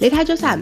李太，早晨。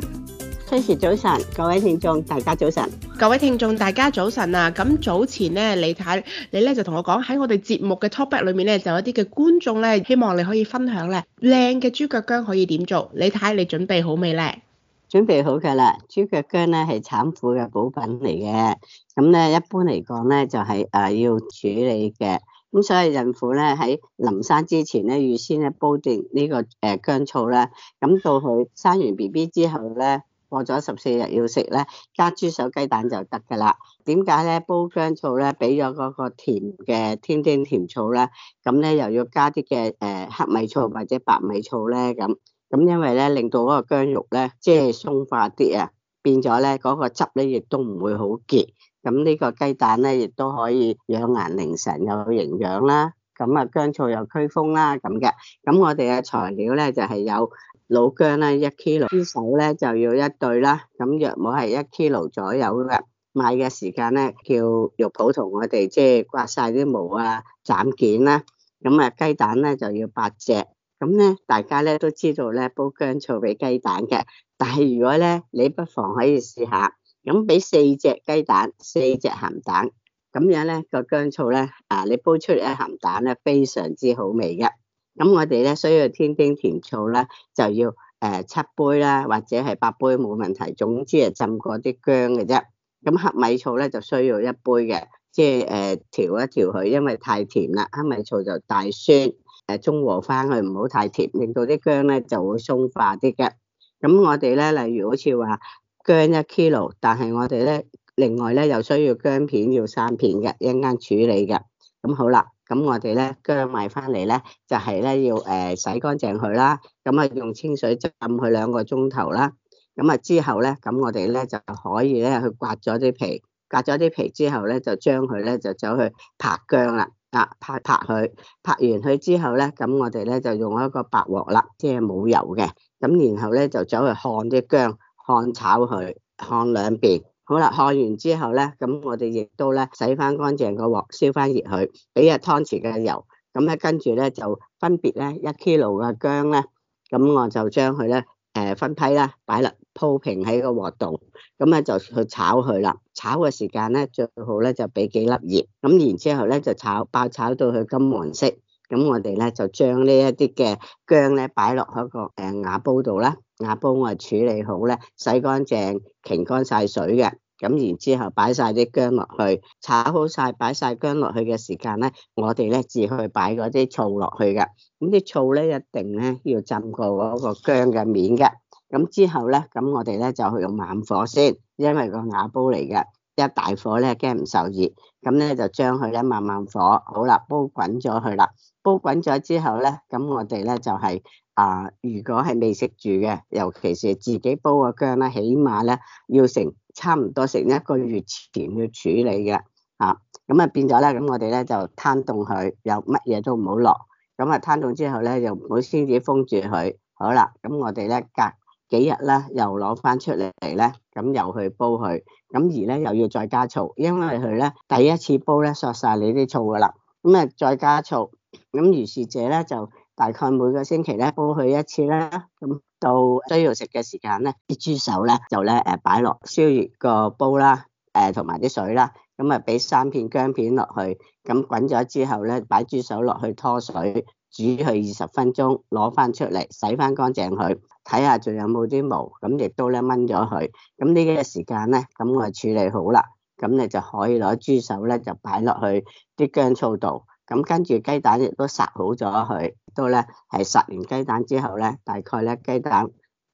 Tracy 早晨，各位聽眾，大家早晨，各位聽眾，大家早晨啊！咁早前咧，李太你咧就同我講，喺我哋節目嘅 topic 裏面咧就有一啲嘅觀眾咧希望你可以分享咧靚嘅豬腳薑可以點做？李太你準備好未咧？準備好噶啦。豬腳薑咧係產婦嘅補品嚟嘅，咁咧一般嚟講咧就係誒要處理嘅。咁所以孕婦咧喺臨生之前咧，預先咧煲定個呢個誒薑醋啦。咁到佢生完 B B 之後咧，過咗十四日要食咧，加豬手雞蛋就得㗎啦。點解咧？煲薑醋咧，俾咗嗰個甜嘅天天甜醋啦。咁咧又要加啲嘅誒黑米醋或者白米醋咧咁。咁因為咧令到嗰個薑肉咧，即係鬆化啲啊，變咗咧嗰個汁咧亦都唔會好結。咁呢個雞蛋咧，亦都可以養顏、凝神，又有營養啦。咁啊，薑醋又驅風啦，咁嘅。咁我哋嘅材料咧，就係、是、有老薑啦，一 k i l 手 g 咧就要一對啦。咁藥母係一 k i l 左右嘅。買嘅時間咧，叫肉鋪同我哋即係刮晒啲毛啊、斬件啦。咁啊，雞蛋咧就要八隻。咁咧，大家咧都知道咧煲薑醋俾雞蛋嘅，但係如果咧，你不妨可以試下。咁俾四隻雞蛋，四隻鹹蛋，咁樣咧，個姜醋咧啊，你煲出嚟嘅鹹蛋咧，非常之好味嘅。咁我哋咧，需要添丁甜醋咧，就要誒七杯啦，或者係八杯冇問題。總之係浸過啲姜嘅啫。咁黑米醋咧就需要一杯嘅，即係誒調一調佢，因為太甜啦，黑米醋就大酸，誒中和翻佢，唔好太甜，令到啲姜咧就會鬆化啲嘅。咁我哋咧，例如好似話，薑一 kilo，但係我哋咧，另外咧又需要薑片，要片薑，就是，要三片嘅，一陣間處理嘅。咁好啦，咁我哋咧，薑買翻嚟咧，就係咧要誒洗乾淨佢啦。咁啊，用清水浸佢兩個鐘頭啦。咁啊，之後咧，咁我哋咧就可以咧去刮咗啲皮，刮咗啲皮之後咧，就將佢咧就走去拍薑啦。啊，拍拍佢，拍完佢之後咧，咁我哋咧就用一個白鑊啦，即係冇油嘅。咁然後咧就走去烘啲薑。看炒佢，看兩邊，好啦。看完之後咧，咁我哋亦都咧洗翻乾淨個鑊，燒翻熱佢，俾一湯匙嘅油。咁咧跟住咧就分別咧一 kilogram 嘅姜咧，咁我就將佢咧誒分批啦，擺落鋪平喺個鑊度。咁咧就去炒佢啦。炒嘅時間咧最好咧就俾幾粒熱。咁然之後咧就炒爆炒到佢金黃色。咁我哋咧就將呢一啲嘅姜咧擺落喺個誒瓦煲度啦。瓦煲我係處理好咧，洗乾淨，擎乾晒水嘅。咁然之後擺晒啲薑落去，炒好晒，擺晒薑落去嘅時間咧，我哋咧至去擺嗰啲醋落去嘅，咁啲醋咧一定咧要浸過嗰個薑嘅面嘅，咁之後咧，咁我哋咧就去用猛火先，因為個瓦煲嚟嘅。一大火咧，驚唔受熱，咁咧就將佢咧慢慢火，好啦，煲滾咗佢啦，煲滾咗之後咧，咁我哋咧就係、是、啊、呃，如果係未食住嘅，尤其是自己煲個薑咧，起碼咧要成差唔多成一個月前要處理嘅，吓、啊，咁啊變咗咧，咁我哋咧就攤凍佢，又乜嘢都唔好落，咁啊攤凍之後咧又唔好先至封住佢，好啦，咁我哋咧隔。幾日啦，又攞翻出嚟咧，咁又去煲佢，咁而咧又要再加醋，因為佢咧第一次煲咧索晒你啲醋噶啦，咁啊再加醋，咁如是者咧就大概每個星期咧煲佢一次啦。咁到需要食嘅時間咧，啲豬手咧就咧誒擺落燒熱個煲啦，誒同埋啲水啦，咁啊俾三片姜片落去，咁滾咗之後咧擺豬手落去拖水。煮佢二十分鐘，攞翻出嚟洗翻乾淨佢，睇下仲有冇啲毛，咁亦都咧掹咗佢。咁呢幾日時間咧，咁我處理好啦，咁你就可以攞豬手咧就擺落去啲薑醋度，咁跟住雞蛋亦都烚好咗佢，都咧係烚完雞蛋之後咧，大概咧雞蛋誒、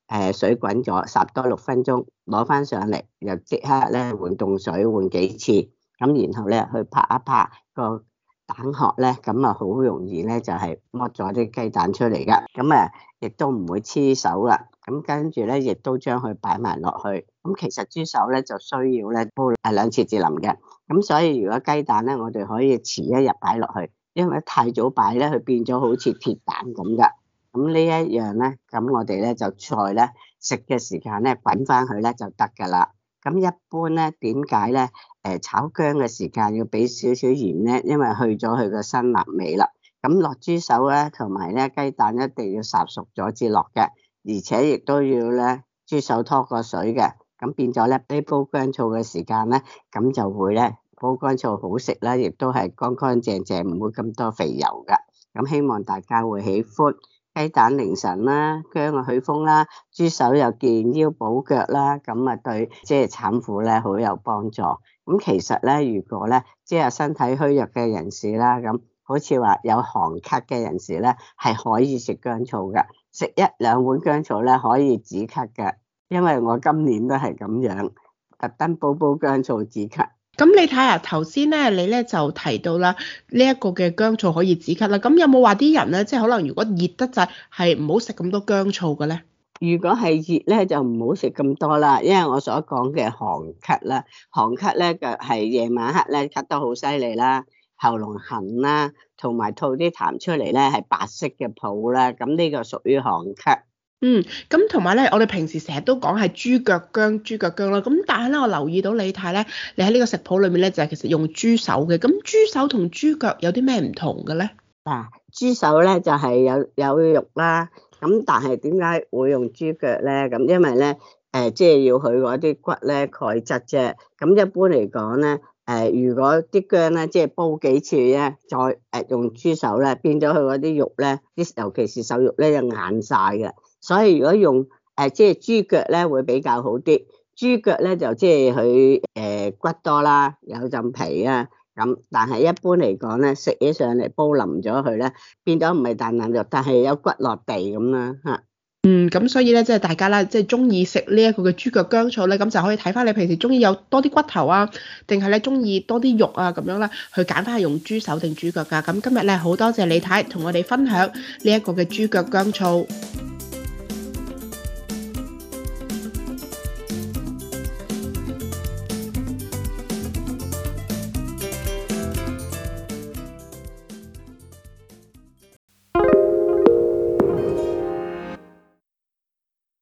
呃、水滾咗，烚多六分鐘，攞翻上嚟，又即刻咧換凍水換幾次，咁然後咧去拍一拍個。蛋殼咧，咁啊好容易咧就係剝咗啲雞蛋出嚟噶，咁啊亦都唔會黐手啦，咁跟住咧亦都將佢擺埋落去，咁其實豬手咧就需要咧煲啊兩次至腍嘅，咁所以如果雞蛋咧我哋可以遲一日擺落去，因為太早擺咧佢變咗好似鐵蛋咁噶，咁呢一樣咧，咁我哋咧就再咧食嘅時間咧滾翻佢咧就得噶啦。咁一般咧，點解咧？誒炒姜嘅時間要俾少少鹽咧，因為去咗佢個辛辣味啦。咁落豬手咧，同埋咧雞蛋一定要烚熟咗至落嘅，而且亦都要咧豬手拖過水嘅，咁變咗咧俾煲姜醋嘅時間咧，咁就會咧煲姜醋好食啦，亦都係乾乾淨淨，唔會咁多肥油噶。咁希望大家會喜歡。雞蛋凌晨啦、啊，薑啊，祛風啦，豬手又健腰補腳啦，咁啊對即係產婦咧好有幫助。咁其實咧，如果咧即係身體虛弱嘅人士啦，咁好似話有寒咳嘅人士咧，係可以食薑醋嘅，食一兩碗薑醋咧可以止咳嘅。因為我今年都係咁樣，特登煲煲薑醋止咳。咁你睇下頭先咧，你咧就提到啦，呢一個嘅姜醋可以止咳啦。咁有冇話啲人咧，即係可能如果熱得滯，係唔好食咁多姜醋嘅咧？如果係熱咧，就唔好食咁多啦，因為我所講嘅寒咳啦，寒咳咧就係夜晚黑咧咳得好犀利啦，喉嚨痕啦，同埋吐啲痰出嚟咧係白色嘅泡啦，咁呢個屬於寒咳。嗯，咁同埋咧，我哋平時成日都講係豬腳姜、豬腳姜啦。咁但係咧，我留意到李太咧，你喺呢個食譜裏面咧，就係、是、其實用豬手嘅。咁豬手同豬腳有啲咩唔同嘅咧？嗱、啊，豬手咧就係、是、有有肉啦。咁但係點解會用豬腳咧？咁因為咧，誒、呃、即係要佢嗰啲骨咧，鈣質啫。咁一般嚟講咧，誒、呃、如果啲姜咧，即係煲幾次咧，再誒用豬手咧，變咗佢嗰啲肉咧，啲尤其是瘦肉咧，就硬晒嘅。所以如果用誒，即係豬腳咧，會比較好啲。豬腳咧就即係佢誒骨多啦，有陣皮啊咁。但係一般嚟講咧，食起上嚟煲腍咗佢咧，變咗唔係啖啖肉，但係有骨落地咁啦。嚇。嗯，咁所以咧，即係大家啦，即係中意食呢一個嘅豬腳姜醋咧，咁就可以睇翻你平時中意有多啲骨頭啊，定係咧中意多啲肉啊咁樣啦，去揀翻用豬手定豬腳噶。咁今日咧好多謝李太同我哋分享呢一個嘅豬腳姜醋。